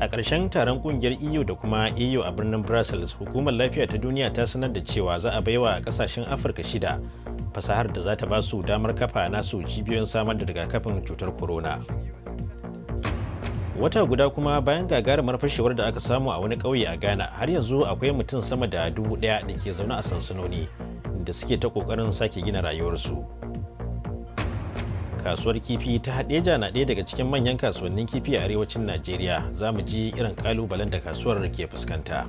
a ƙarshen taron ƙungiyar eu da kuma eu a birnin brussels hukumar lafiya ta duniya ta sanar da cewa za a baiwa ƙasashen afirka shida fasahar da za ta ba su damar kafa nasu cibiyoyin samar da rigakafin cutar corona wata guda kuma bayan gagarumar fashewar da aka samu a wani ƙauye a ghana har yanzu akwai mutum sama da dubu ɗaya da ke zaune a sansanoni da suke ta ƙoƙarin sake gina rayuwarsu. kasuwar kifi ta hadeja na ɗaya daga cikin manyan kasuwannin kifi a arewacin najeriya za mu ji irin kalubalen da kasuwar ke fuskanta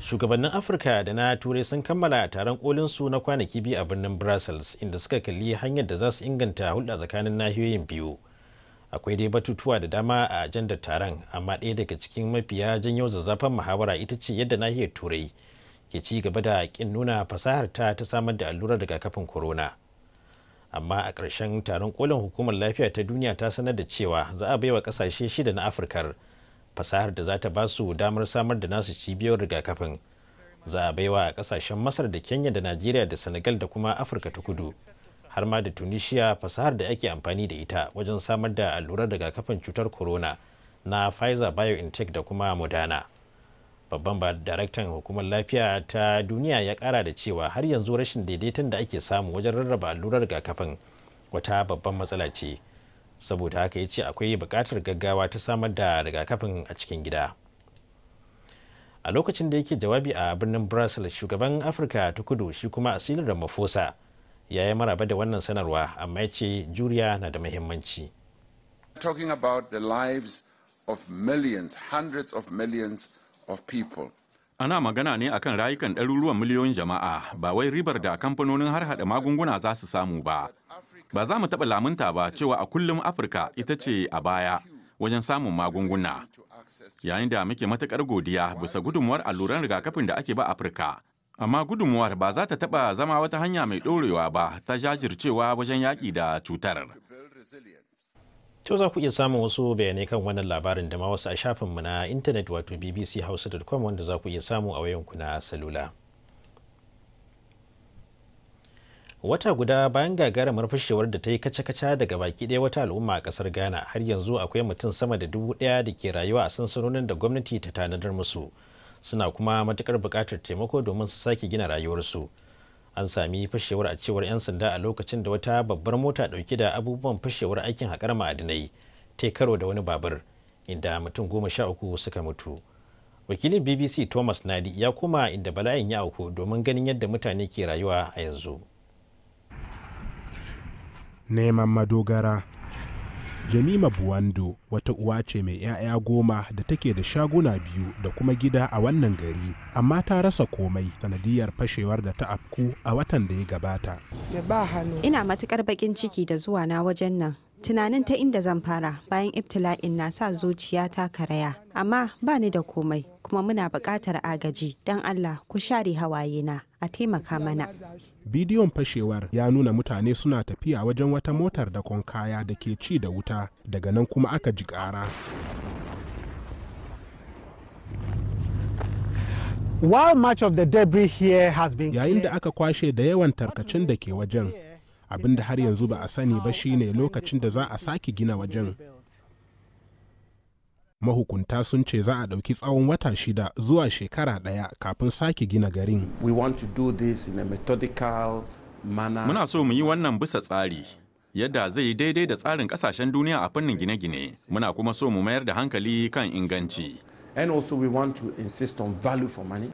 shugabannin afirka da na turai sun kammala taron kolin su na kwanaki biyu a birnin brussels inda suka kalli hanyar da za su inganta hulɗa tsakanin nahiyoyin biyu akwai dai batutuwa da dama a ajandar taron amma ɗaya daga cikin mafiya janyo zazzafan muhawara ita ce yadda nahiyar turai ke ci gaba da kin nuna fasahar ta ta samar da allurar rigakafin corona amma a ƙarshen taron kolin hukumar lafiya ta duniya ta sanar da cewa za a baiwa ƙasashe shida na afirka fasahar da za ta ba su damar samar da nasu cibiyar rigakafin za a baiwa ƙasashen masar da kenya da najeriya da senegal da kuma afirka ta kudu har ma da tunisia fasahar da ake amfani da ita wajen samar da allurar rigakafin cutar corona na pfizer biontech da kuma modana. babban ba daraktan hukumar lafiya ta duniya ya kara da cewa har yanzu rashin daidaiton da ake samu wajen rarraba allurar rigakafin wata babban matsala ce saboda haka ya ce akwai bukatar gaggawa ta samar da rigakafin a cikin gida a lokacin da yake jawabi a birnin brussels shugaban afirka ta kudu shi kuma asilin ramaphosa ya yi maraba da wannan sanarwa amma ya ce juriya na da muhimmanci talking about the lives of millions hundreds of millions of people. Ana magana ne akan rayukan ɗaruruwan miliyoyin jama'a ba wai ribar da kamfanonin har haɗa magunguna za su samu ba. Ba za mu taɓa lamunta ba cewa a kullum Afirka ita ce a baya wajen samun magunguna. Yayin da muke matuƙar godiya bisa gudunmuwar alluran rigakafin da ake ba Afirka. Amma gudunmuwar ba za ta taɓa zama wata hanya mai ɗorewa ba ta jajircewa wajen yaƙi da cutar. To za ku iya samun wasu bayanai kan wannan labarin da ma wasu a shafinmu na intanet wato bbc bbchausa.com wanda za ku iya samu a wayanku na salula. Wata guda bayan gagarumar fashewar da ta yi kaca-kaca daga baki ɗaya wata al'umma a ƙasar Ghana har yanzu akwai mutum sama da dubu ɗaya da ke rayuwa a sansanonin da gwamnati ta tanadar musu. Suna kuma matukar bukatar taimako domin su sake gina rayuwarsu. an sami fashewar a cewar 'yan sanda a lokacin da wata babbar mota dauke da abubuwan fashewar aikin haƙar ma'adinai ta karo da wani babur inda mutum goma sha uku suka mutu wakilin bbc thomas nadi ya koma inda bala'in ya auku domin ganin yadda mutane ke rayuwa a yanzu neman madogara Jamima Buwando wata uwa ce mai 'ya'ya goma da take da shaguna biyu da kuma gida a wannan gari, amma ta rasa komai sanadiyar fashewar da ta afku a watan da ya gabata. Ina matukar bakin ciki da zuwa na wajen nan. Tunanin ta inda zan fara bayan ibtila'in na sa zuciya ta karaya, amma ba ni da komai. kuma muna buƙatar agaji don Allah ku share hawaye na a taimaka mana. Bidiyon fashewar ya nuna mutane suna tafiya wajen wata motar da kaya da ke ci da wuta daga nan kuma aka ji ƙara. Yayin da aka kwashe da yawan tarkacin da ke wajen, abin da har yanzu ba a sani ba shine lokacin da za a sake gina wajen. mahukunta sun ce za a ɗauki tsawon wata shida zuwa shekara ɗaya kafin sake gina garin. Muna so mu yi wannan bisa tsari. Yadda zai yi daidai da tsarin kasashen duniya a fannin gine-gine, muna kuma so mu mayar da hankali kan inganci. And also we want for money.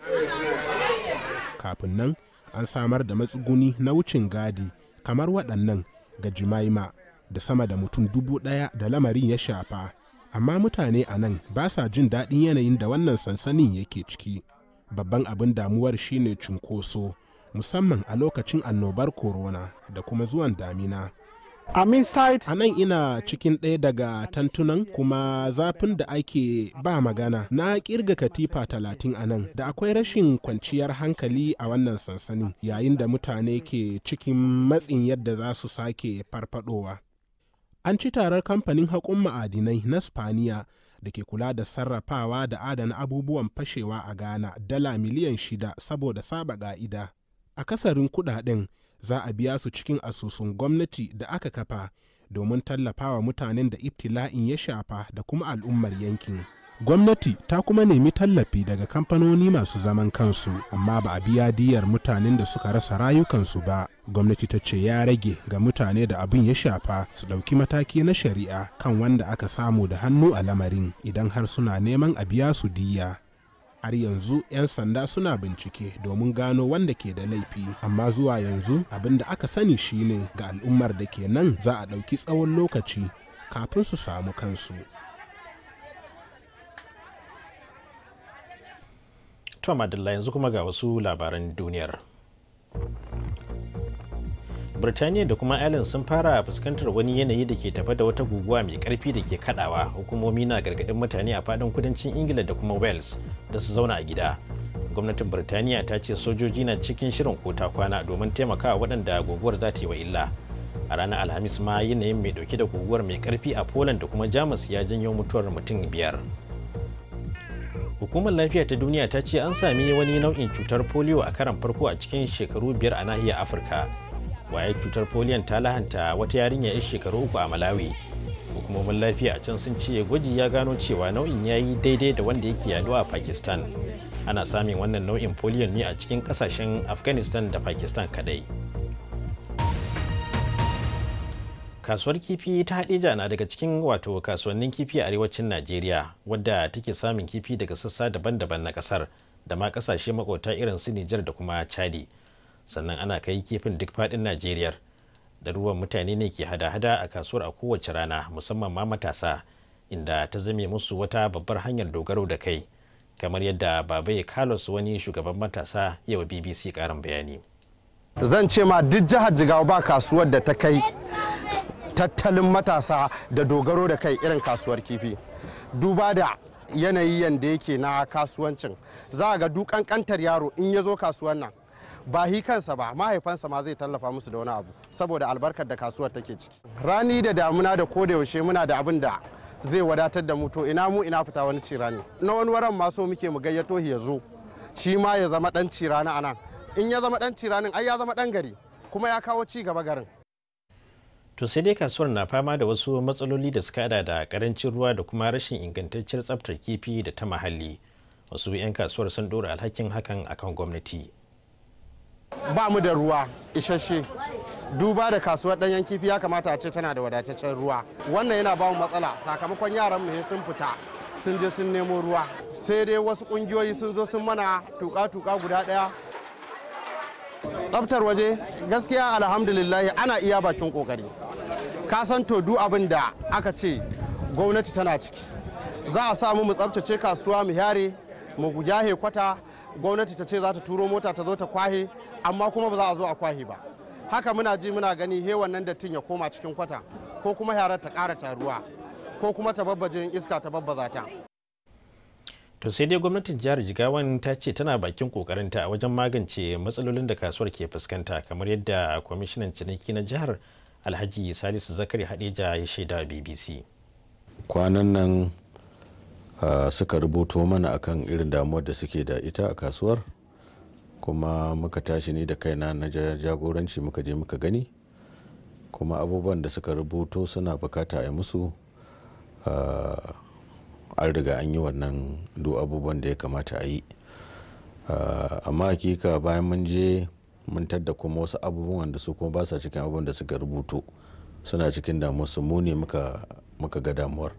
Kafin nan, an samar da matsuguni na wucin gadi kamar waɗannan ga Jimaima da sama da mutum dubu ɗaya da lamarin ya shafa. amma mutane a nan ba sa jin daɗin yanayin da wannan sansanin yake ciki babban abin damuwar shine cunkoso musamman a lokacin annobar corona da kuma zuwan damina A nan ina cikin ɗaya daga tantunan kuma zafin da ake ba magana. Na kirga katifa talatin a nan da akwai rashin kwanciyar hankali a wannan sansanin yayin da mutane ke cikin matsin yadda za su sake farfadowa. an ci tarar kamfanin haƙun ma'adinai na spaniya da ke kula da sarrafawa da adana abubuwan fashewa a ghana dala miliyan shida saboda saba ƙa'ida akasarin kuɗaɗen za a biya su cikin asusun gwamnati da aka kafa domin tallafawa mutanen da ibtila'in ya shafa da kuma al'ummar yankin. gwamnati ta kuma nemi tallafi daga kamfanoni masu zaman kansu amma ba a biya diyar mutanen da suka rasa rayukansu ba gwamnati ta ce ya rage ga mutane da abin ya shafa su ɗauki mataki na shari'a kan wanda aka samu da hannu a lamarin idan har suna neman a biya su diya har yanzu 'yan sanda suna bincike domin gano wanda ke da laifi amma zuwa yanzu abin da aka sani shine ga al'ummar da ke nan za a ɗauki tsawon lokaci kafin su samu kansu tom Madalla yanzu kuma ga wasu labaran duniyar. Birtaniya da kuma Ireland sun fara fuskantar wani yanayi da ke tafa da wata guguwa mai karfi da ke kadawa hukumomi na gargadin mutane a fadin kudancin Ingila da kuma Wales da su zauna a gida. Gwamnatin Birtaniya ta ce sojoji na cikin shirin kota kwana domin taimakawa waɗanda guguwar za ta yi wa illa. A ranar Alhamis ma yanayin mai dauke da guguwar mai karfi a Poland da kuma Jamus ya janyo mutuwar mutum biyar. hukumar lafiya ta duniya ta ce an sami wani nau'in cutar polio a karan farko a cikin shekaru biyar a nahiyar afirka waye cutar poliyon ta lahanta wata yarinya 'yan shekaru uku a malawi hukumomin lafiya a can sun ce gwaji ya gano cewa nau'in ya yi daidai da wanda yake yaduwa a pakistan ana samun wannan nau'in polio ne a cikin kasashen afghanistan da pakistan kadai kasuwar kifi ta hadija na daga cikin wato kasuwannin kifi a arewacin najeriya wadda take samun kifi daga sassa daban-daban na kasar da ma kasashe makota irin su nijar da kuma chadi sannan ana kai kifin duk fadin najeriya ruwan mutane ne ke hada-hada a kasuwar a kowace rana musamman ma matasa inda ta zame musu wata babbar hanyar dogaro da kai kamar yadda babai carlos wani shugaban matasa yawa bbc karin bayani zan ce ma duk jihar jigawa ba kasuwar da ta kai tattalin matasa da dogaro da kai irin kasuwar kifi duba da yanayi yadda yake na kasuwancin za a ga dukan kantar yaro in ya zo kasuwan nan ba hi kansa ba mahaifansa ma zai tallafa musu da wani abu saboda albarkar da kasuwar take ciki rani da damuna da ko da yaushe muna da abin da zai wadatar da mu to ina mu ina fita wani cirani na wani waran ma so muke mu gayyato ya zo shi ma ya zama dan cirani anan in ya zama dan ciranin ai ya zama dan gari kuma ya kawo ci gaba garin to sai dai kasuwar na fama da wasu matsaloli da suka hada da karancin ruwa da kuma rashin ingantacciyar tsaftar kifi da ta mahalli wasu 'yan kasuwar sun dora alhakin hakan akan gwamnati ba mu da ruwa isasshe duba da kasuwar ɗanyen kifi ya kamata a ce tana da wadataccen ruwa wannan yana ba mu matsala sakamakon yaran mu sun fita sun je sun nemo ruwa sai dai wasu ƙungiyoyi sun zo sun mana tuka-tuka guda ɗaya tsabtar waje gaskiya alhamdulillah ana iya bakin ƙoƙari ka san to du abin da aka ce gwamnati tana ciki za a samu mu tsabtace kasuwa mu yare mu yahe kwata gwamnati ta ce za ta turo mota ta zo ta kwahe amma kuma ba za a zo a kwahe ba haka muna ji muna gani he wannan dattin ya koma cikin kwata ko kuma yara ta kara taruwa ko kuma ta babbajin iska ta babbaza ta to sai dai gwamnatin jihar jigawan ta ce tana bakin kokarin kokarinta wajen magance matsalolin da kasuwar ke fuskanta kamar yadda kwamishinan ciniki na jihar alhaji salisu zakari hadija ya shaida bbc kwanan nan suka rubuto mana akan irin damuwar da suke da ita a kasuwar kuma muka tashi ne da kaina na jagoranci muka je muka gani kuma abubuwan da suka rubuto suna bukata a yi musu an riga an yi wannan duk abubuwan da ya kamata a yi amma hakika bayan mun je mantar da kuma wasu abubuwan da su kuma ba sa cikin abubuwan da suka rubuto suna cikin damuwarsu mu ne muka ga damuwar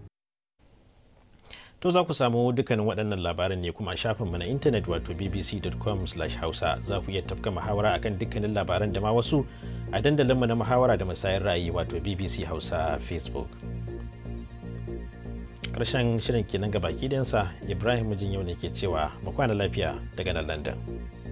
to za ku samu dukkanin waɗannan labaran ne kuma a shafinmu na intanet wato bbc.com hausa za ku iya tafka muhawara akan dukkanin labaran da ma wasu a dandalinmu na muhawara da musayar ra'ayi wato bbc hausa a facebook ƙarshen shirin kenan ga baki ibrahim mijin yau ne ke cewa mu kwana lafiya daga nan london